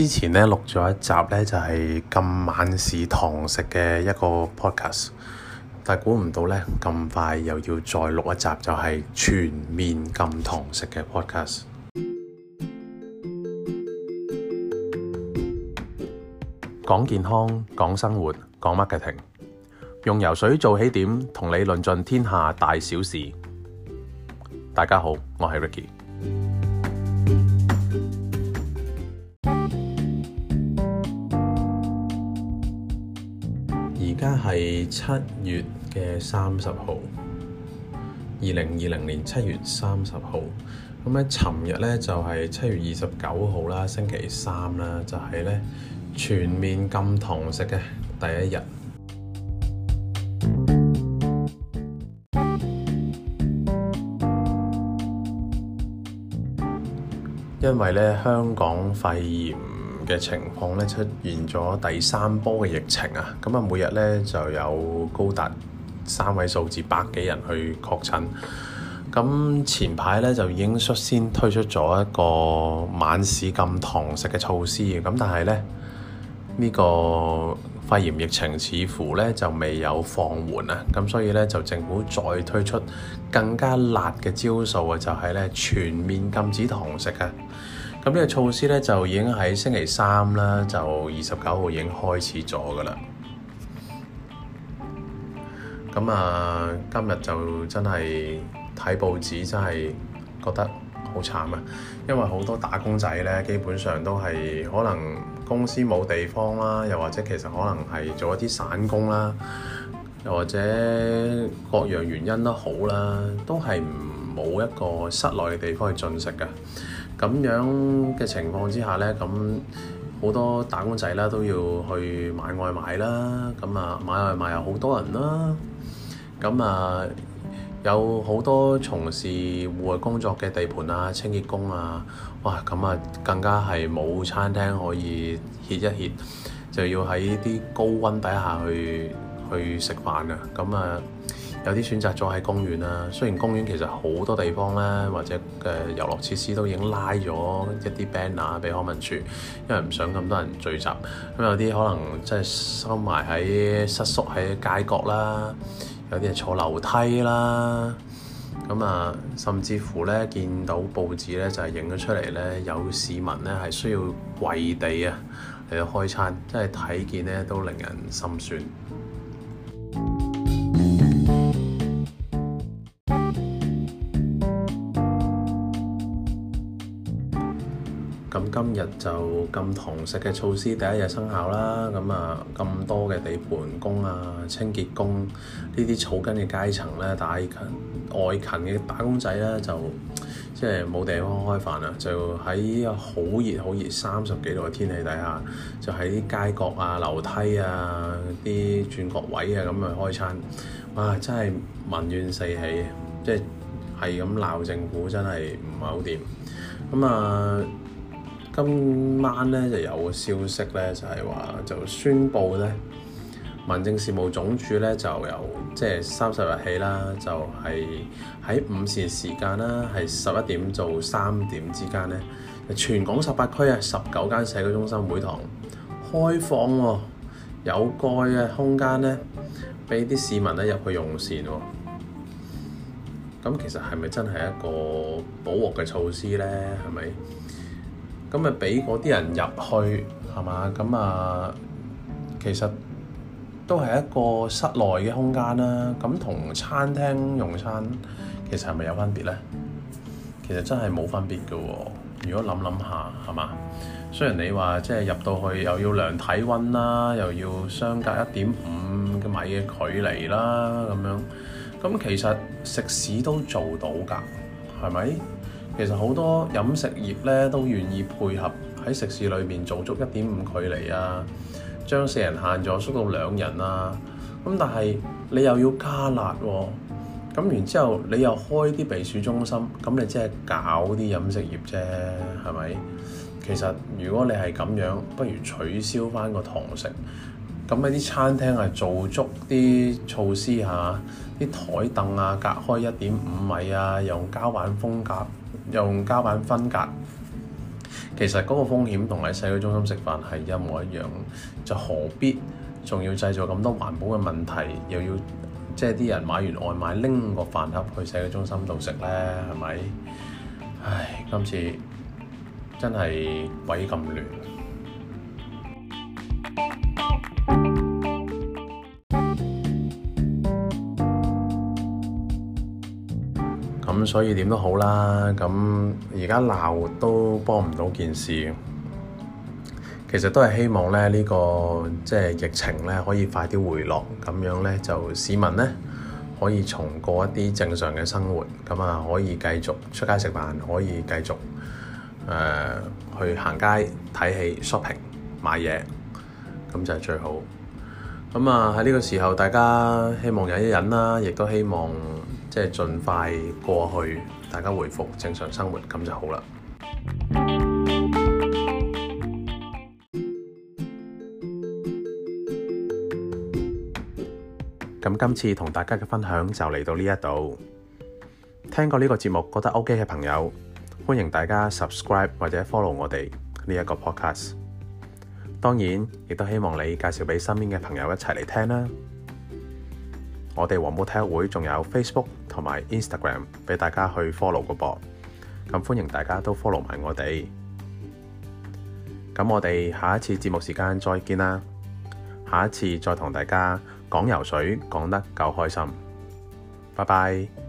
之前呢錄咗一集呢，就係、是、禁晚市堂食嘅一個 podcast，但估唔到呢，咁快又要再錄一集，就係全面禁堂食嘅 podcast。講健康，講生活，講 marketing，用游水做起點，同你論盡天下大小事。大家好，我係 Ricky。係七月嘅三十號，二零二零年七月三十號。咁、嗯、咧，尋日咧就係、係、七月二十九號啦，星期三啦，就係、係、咧全面禁堂食嘅第一日，因為咧香港肺炎嘅情況咧出現咗第三波嘅疫情啊，咁啊每日咧就有高達三位數至百幾人去確診。咁前排咧就已經率先推出咗一個晚市禁堂食嘅措施嘅，咁但係咧呢個肺炎疫情似乎咧就未有放緩啊，咁所以咧就政府再推出更加辣嘅招數啊，就係咧全面禁止堂食啊！咁呢個措施咧就已經喺星期三啦，就二十九號已經開始咗㗎喇。咁啊，今日就真係睇報紙，真係覺得好慘啊！因為好多打工仔咧，基本上都係可能公司冇地方啦，又或者其實可能係做一啲散工啦。又或者各樣原因都好啦，都係冇一個室內嘅地方去進食嘅。咁樣嘅情況之下呢，咁好多打工仔啦都要去買外賣啦。咁啊買外賣又好多人啦。咁啊有好多從事戶外工作嘅地盤啊、清潔工啊，哇！咁啊更加係冇餐廳可以歇一歇，就要喺啲高溫底下去。去食飯啊！咁啊，有啲選擇咗喺公園啦。雖然公園其實好多地方咧，或者嘅遊樂設施都已經拉咗一啲 banner 俾康文署，因為唔想咁多人聚集。咁有啲可能即係收埋喺失宿喺街角啦，有啲人坐樓梯啦。咁啊，甚至乎咧見到報紙咧就係影咗出嚟咧，有市民咧係需要跪地啊嚟到開餐，真係睇見咧都令人心酸。咁今日就禁堂食嘅措施第一日生效啦。咁啊，咁多嘅地盤工啊、清潔工呢啲草根嘅階層咧，打緊外勤嘅打工仔咧，就即係冇地方開飯啦，就喺好熱好熱三十幾度嘅天氣底下，就喺街角啊、樓梯啊、啲轉角位啊咁樣開餐。哇！真係民怨四起，即係係咁鬧政府，真係唔係好掂咁啊！今晚咧就有個消息咧，就係、是、話就宣布咧，民政事務總署咧就由即係三十日起啦，就係、是、喺午膳時間啦，係十一點到三點之間咧，全港十八區啊，十九間社區中心會堂開放喎、哦，有蓋嘅空間咧，俾啲市民咧入去用膳喎、哦。咁其實係咪真係一個保護嘅措施咧？係咪？咁咪俾嗰啲人入去係嘛？咁啊，其實都係一個室內嘅空間啦。咁同餐廳用餐其實係咪有分別咧？其實真係冇分別嘅喎。如果諗諗下係嘛？雖然你話即係入到去又要量體温啦，又要相隔一點五嘅米嘅距離啦咁樣。咁其實食肆都做到㗎，係咪？其實好多飲食業咧都願意配合喺食肆裏面做足一點五距離啊，將四人限咗縮到兩人啊。咁但係你又要加辣喎、啊，咁然之後你又開啲避暑中心，咁你即係搞啲飲食業啫，係咪？其實如果你係咁樣，不如取消翻個堂食。咁啊！啲餐廳係做足啲措施嚇，啲台凳啊隔開一點五米啊，又用膠板封隔，又用膠板分隔。其實嗰個風險同喺社區中心食飯係一模一樣，就何必仲要製造咁多環保嘅問題，又要即係啲人買完外賣拎個飯盒去社區中心度食呢？係咪？唉，今次真係鬼咁亂。所以點都好啦，咁而家鬧都幫唔到件事，其實都係希望咧呢、呢個即係疫情咧可以快啲回落，咁樣咧就市民咧可以重過一啲正常嘅生活，咁啊可以繼續出街食飯，可以繼續誒、呃、去行街睇戲、shopping 買嘢，咁就係最好。咁啊喺呢個時候，大家希望忍一忍啦，亦都希望。即係盡快過去，大家回復正常生活咁就好啦。咁今次同大家嘅分享就嚟到呢一度。聽過呢個節目覺得 OK 嘅朋友，歡迎大家 subscribe 或者 follow 我哋呢一個 podcast。當然亦都希望你介紹俾身邊嘅朋友一齊嚟聽啦。我哋黃埔體育會仲有 Facebook。同埋 Instagram 俾大家去 follow 個噃，咁歡迎大家都 follow 埋我哋，咁我哋下一次節目時間再見啦，下一次再同大家講游水講得夠開心，拜拜。